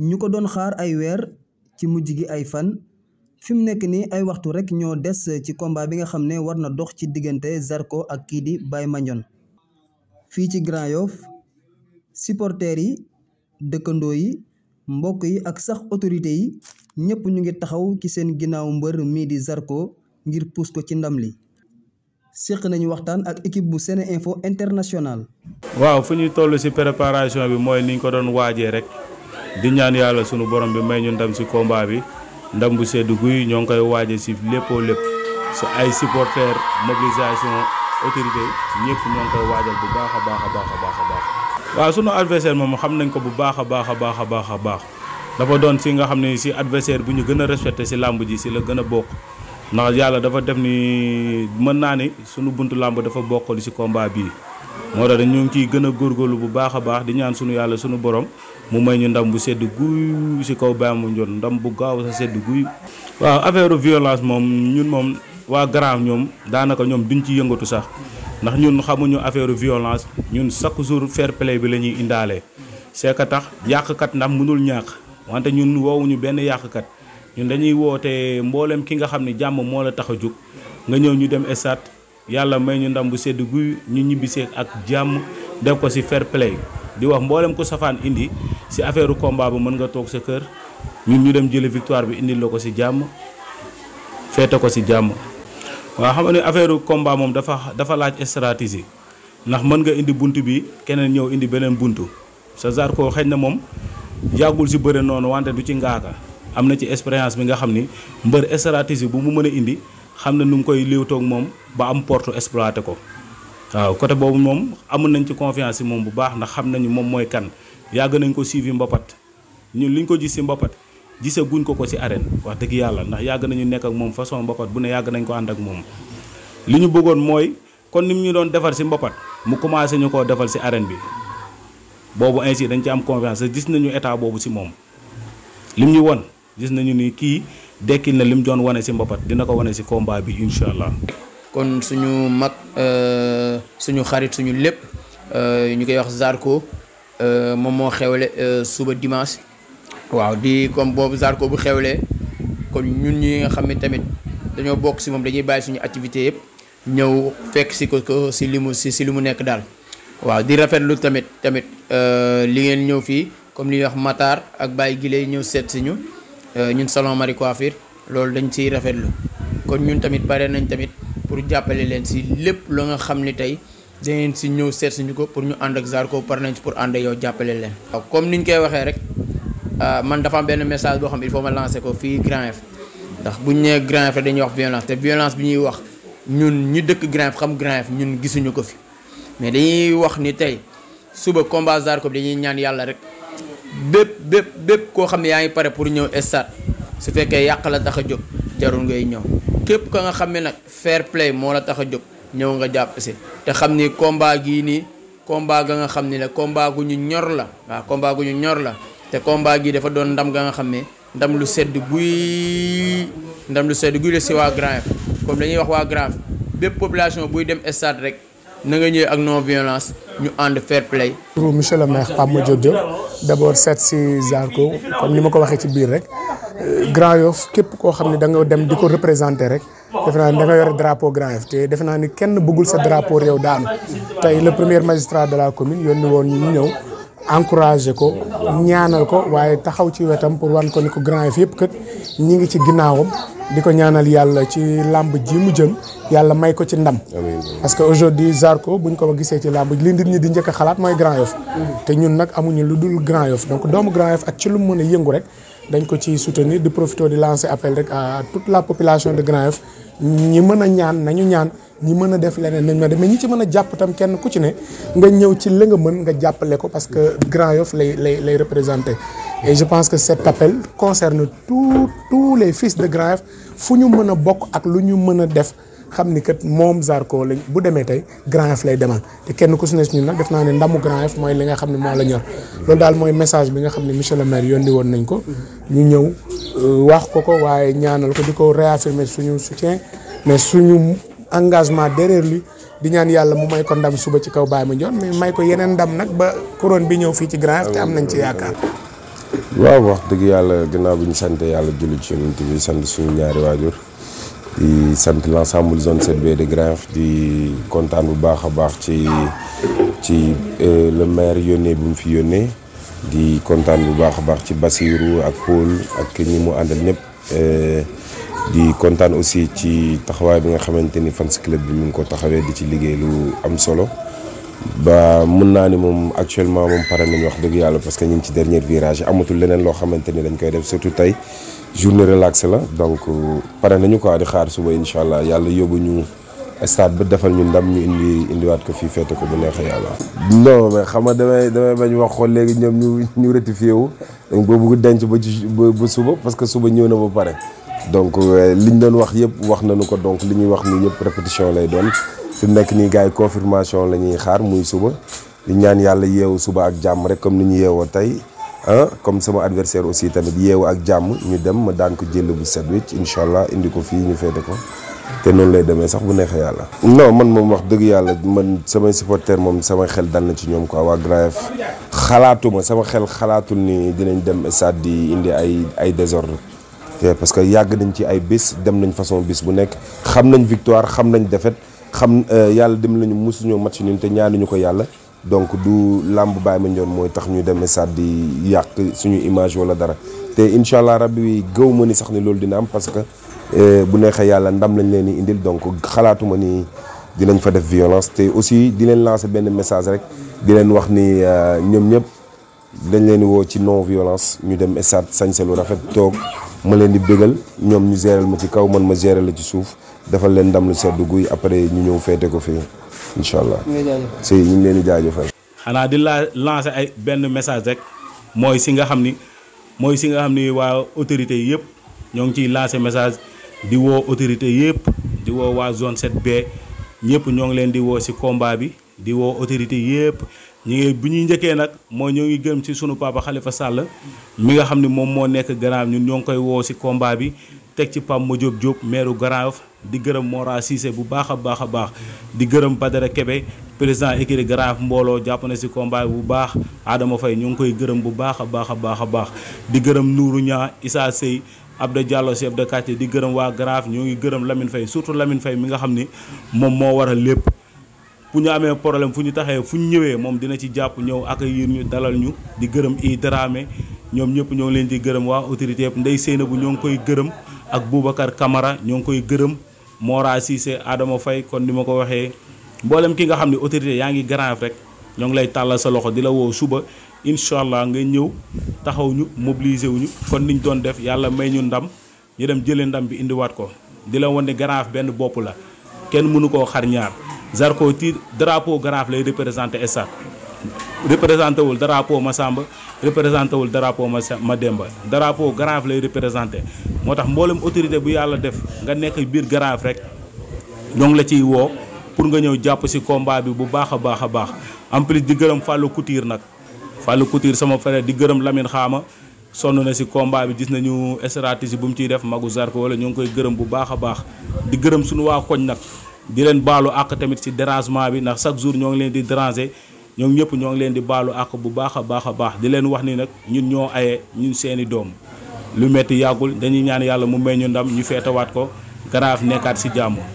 ñu ko doon xaar ay weer ci mujj gi ay fan fi mu nekk nii ay waxtu rek ñoo des ci combat bi nga xam ne war na dox ci diggante Zarko ak kii di bay Mandione fii ci Grand Yoff supporters yi dëkkandoo yi mbokk yi ak sax autorités yi ñëpp ñu ngi taxaw ci seen ginnaaw mbër mii di Zarko ngir puus ko ci ndam li séq nañu waxtaan ak équipe bu Sene Info International. waaw fu ñuy toll ci préparation bi mooy niñ ko doon waajee rek. di ñaan yàlla sunu borom bi may ñu ndam si combat bi ndam bu sedd guy ñoo ngi koy waaje si léppoo lépp si ay supporters mobilisation autorité ñëpp ñoo ngi koy waajal bu baax a baax a baax a baax a baax waaw sunu adversaire moom xam nañ ko bu baax a baax a baax a baax a baax dafa doon si nga xam ne si adversaire bu ñu gën a respecté si làmb ji si la gën a bokk ndax yàlla dafa def ni mën naa ni sunu buntu làmb dafa bokkali ci combat bii moo tax ñu ngi ciy gën a góorgóorlu bu baax a baax di ñaan sunu yàlla sunu borom mu may ñu ndam bu sedd guy ci kaw Baye Mandione ndam bu gaaw sa sedd guy. waaw affaire violence moom ñun moom waa Grand ñoom daanaka ñoom duñ ci yëngatu sax ndax ñun xamuñu affaire violence ñun chaque jour fair play bi la ñuy indaale c'est que tax yàqkat ndax mënul ñàkk wante ñun woowuñu benn yàqkat. ñun dañuy wootee mbooleem ki nga xam ne jàmm moo la tax a jóg nga ñëw ñu dem stade yàlla may ñu ndam bu sedd guy ñu ñibbisee ak jàmm def ko ci fair play di wax mbooleem ko safaan indi si affaire combat bu mën nga toog sa kër ñun ñu dem jële victoire bi indil ko ci jàmm feete ko ci jàmm. waa xam nga ne affaire combat moom dafa dafa laaj stratégie ndax mën nga indi bunt bi keneen ñëw indi beneen buntu sa Zarko xëy na moom yàggul si bëri noonu wante du ci ngaaka. am na ci espérience bi nga xam ni mbër stratégie bu mu mën a indi xam na nu mu koy liwtoog moom ba am porte exploité ko waaw côté boobu moom amoon nañ ci confiance ci moom bu baax ndax xam nañu moom mooy kan yàgg nañ ko suivi mboppat ñun li ko gis ci mbapat gise guñ ko ko ci arène wax dëgg yàlla ndax yàgg nañu nekk ak moom façon mbapat bu ne yàgg nañ ko ànd ak moom li ñu bëggoon mooy kon ni mu ñu doon defar ci mboppat mu commencé ñu koo defal ci arène bi boobu ainsi dañ ci am confiance gis nañu état boobu ci moom gis nañu ni kii dekkil na lim doon wane si mbapat dina ko wane si combat bi incha allah. kon suñu mag euh, suñu xarit suñu lépp euh, ñu koy wax Zarko euh, moom moo xewle suba dimanche. waaw di comme boobu sarko bu xewlee kon ñun ñi nga xam ne tamit dañoo bokk si moom dañuy bàyyi suñu activité yëpp ñëw fekk si ko si li mu si si li mu nekk daal. waaw di rafetlu tamit tamit li ngeen ñëw fii comme li ñuy wax Matar ak Baye Guilé ñëw seet si ñu. Euh, ñun salon Marie Coiffure loolu dañ ciy rafetlu kon ñun tamit pare nañ tamit pour jàppale leen si lépp lu nga xam ni tey dangeen si ñëw seet suñu ko pour ñu ànd ak Zarko pare nañ si pour ànd yow jàppale leen. waaw ni ñu koy waxee rek ah, man dafa am benn message boo xam il foo ma lancer ko fii Grand F ndax buñ nee Grand F dañuy wax violence te violence bi ñuy wax ñun ñu dëkk Grand F xam Grand F ñun gisuñu ko fi mais dañuy suba combat dañuy ñaan yàlla rek. bépp bépp bépp koo xam ne yaa ngi pare pour ñëw stade su fekkee yàq la tax a jóg jarul ngay ñëw képp ka nga xam ne nag fair play moo la tax a jóg ñëw nga jàpp si te xam ni combat gii nii combat ga nga xam ni la combat gu ñu ñor la waaw combat gu ñu ñor la te combat gii dafa doon ndam ga nga xam ne ndam lu sedd guy ndam lu sedd guy la si waa Grand Yoff comme dañuy wax waa Grand Yoff bépp population buy dem stade rek. na nga ñëwee ak non violence ñu ànd fair play. pour monsieur le mais Pape ma Diop d' abord seet si ko comme ni ma ko waxee ci biir rek euh, Grand Yoff képp koo xam ne da nga dem di ko représenté rek defe naa ne da nga yore drapeau Grand Yoff te defe naa ni kenn bëggul sa drapeau réew daanu tey le premier magistrat de la commune yónni woon ñu ñëw. encouragé ko ñaanal ko waaye taxaw ci wetam pour wan ko ni ko Grand Yoff yëpp kët ñi ngi ci ginnaawam di ko ñaanal yàlla ci làmb ji mu jëm yàlla may ko ci ndam parce que aujourd'hui bu buñ ko gisee ci làmb li nit ñi di njëkk xalaat mooy Grand Yoff mm-hmm. te ñun nag amuñu lu dul Grand Yoff donc doomu Grand Yoff ak ci lu mu mën a yëngu rek dañ ko ci soutenir di profiter di lancé appel rek à toute la population de Grand Yoff ñi mën a ñaan nañu ñaan ñi mën a def leneen nañ ma def mais ñi ci mën a jàpp tam kenn ku ci ne nga ñëw ci la nga mën nga jàppale ko parce que Grand Yoff lay lay lay représenté et je pense que cet appel concerne tous tous les fils de Grand Yoff fu ñu mën a bokk ak lu ñu mën a def xam ni kat moom Zarko lañ bu demee tey Grand F lay demal te kenn ku si ne si ñun nag def naa ne ndamu Grand F mooy li nga xam ne moo la ñor loolu daal mooy message bi nga xam ne monsieur le maire yónni woon nañ ko ñu ñëw euh, wax ko ko waaye ñaanal ko di ko réaffirmer suñu soutien mais suñu engagement derrière lui di ñaan yàlla mu may ko ndam suba ci kaw Baye Mandione mais may ko yeneen ndam nag ba couronne bi ñëw fii ci Grand F te am nañ ci yaakaar waaw wax dëgg yàlla ginnaaw bi ñu sant yàlla julli ci sant suñu ñaari waajur di sant l'ensemble zone 7B de Grand di kontaan bu baax a baax ci ci euh, le maire bu mu fi yónnee di kontaan bu baax a baax ci Basirou ak Paul ak ñi mu àndal ñëpp euh, di kontaan aussi ci taxawaay bi nga xamante ni fans club bi mu ngi ko taxawee di ci liggéey lu am solo ba mun naa ni moom actuellement moom pare nañ wax dëgg yàlla parce que ñu ci dernier virage amatul leneen loo xamante ni dañ koy def surtout tey. journée relax la donc euh, pare nañu ko di xaar suba incha allah yàlla yóbbu ñu stade ba defal ñu ndam ñu indi indiwaat ko fii feete ko bu neexee yàlla. non mais xam nga damay damay bañ wax xool léegi ñoom ñu ñu rectifié wu donc boo bëgg denc ba ci ba suba parce que suba ñëw na ba pare. donc euh, li ñu doon wax yëpp wax nañu ko donc li ñuy wax nii ñëpp répétition lay doon fi nekk nii gars yi confirmation la ñuy xaar muy suba ñaan yàlla yeewu suba ak jàmm rek comme ni ñu yeewoo tey. ah comme sama adversaire aussi tamit yeewu ak jàmm ñu dem ma daan ko jël bu set wecc incha allah indi ko fii ñu féete ko te noonu lay demee sax bu neexee yàlla. non man moom wax dëgg yàlla man samay supporters moom sama xel dal na ci ñoom quoi waa Grand Yoff xalaatuma sama xel xalaatul ni dinañ dem stade di indi ay ay désordre parce que yàgg nañ ci ay bis dem nañ façon bis bu nekk xam nañ victoire xam nañ défaite xam euh, yàlla dem nañu mosuñoo match ñun te ñaanuñu ko yàlla. donc du làmb baay Baye Mandione mooy tax ñu dem stade di yàq suñu image wala dara te incha allah rabbi gëw ma ni sax ni loolu dina am parce que eh, bu neexee yàlla ndam lañ leen di indil donc xalaatuma ni dinañ fa def violence te aussi di leen lancer benn message rek di wax ni euh, ñoom ñëpp dañ leen di woo ci non violence ñu dem stade sañse lu rafet toog ma leen di bégal ñoom ñu géral ma ci kaw man ma géral la ci suuf defal leen ndam lu sedd guy après ñu ñëw feete ko fii. incha allah si ñu ngi leen di jaajëfal. xanaa di la lancer ay benn message rek mooy si nga xam ni mooy si nga xam ni waa autorité yëpp ñoo ngi ciy lancé message di woo autorité yëpp di woo waa zone 7 ñëpp ñoo ngi leen di woo si combat bi di woo autorité yëpp. ñu ngi bu ñuy njëkkee nag mooy ñoo ngi gëm ci sunu papa xalifa sàll mi nga xam ne moom moo nekk Grand ñun ñoo ngi koy woo ci combat bi teg ci Pape Madiop Diop maire Grand Yoff di gërëm Mora bu baax a baax a baax di gërëm Badara kebe président écurie Garaaf mbooloo jàpp na si combat bu baax Adama fay ñoo ngi koy gërëm bu baax a baax a baax a baax di gërëm Nourou Ñaa Issa Sey Abdou Diallo chef de quartier di gërëm waa Garaaf ñoo ngi gërëm Lamine fay surtout lamin fay mi nga xam ni moom moo waral lépp bu ñu amee problème fu ñu taxee fu ñu ñëwee moom dina ci jàpp ñëw accueillir ñu dalal ñu di gërëm i Dramé ñoom ñëpp ñoo leen di gërëm waa autorité yëpp Ndeye bu ñoo ngi koy gërëm ak Boubacar Camara ñoo ngi koy gërëm Mora Cissé aadama Faye kon ni ma ko waxee mboolem ki nga xam ne autorité yaa ngi grand rek ñoo ngi lay tàllal sa loxo di la woo suba incha allah nga ñëw taxaw ñu mobiliser wu ñu kon niñ doon def yàlla may ñu ndam ñu dem jëlee ndam bi indiwaat ko di la wane Grand Yoff benn bopp la kenn mënu koo xar ñaar Zarko ci drapeau Grand Yoff lay représenté stade représenté wul drapeau Massamba représenté wul drapeau ma ma Demba drapeau Graaf lay représenté moo tax mboolem autorité bu yàlla def nga nekk biir Graaf rek ñoo ngi la ciy woo pour nga ñëw jàpp ci combat bi bu baax a baax a baax en di gërëm fàllu Couture nag Fallou Couture sama frère di gërëm Lamine Xaama sonn na ci combat bi gis nañu stratégie bu mu ciy def magu Zarko wala ñoo ngi koy gërëm bu baax a baax di gërëm suñu waa koñ nag di leen baalu àq tamit ci dérangement bi ndax chaque jour ñoo ngi leen di déranger ñoom ñëpp ñoo ngi leen di baalu àq bu baax a baax a baax di leen wax ni nag ñun ñoo aye ñun seeni doom lu metti yàggul dañuy ñaan yàlla mu may ñu ndam ñu feetawaat ko Grand Yoff nekkaat si jàmm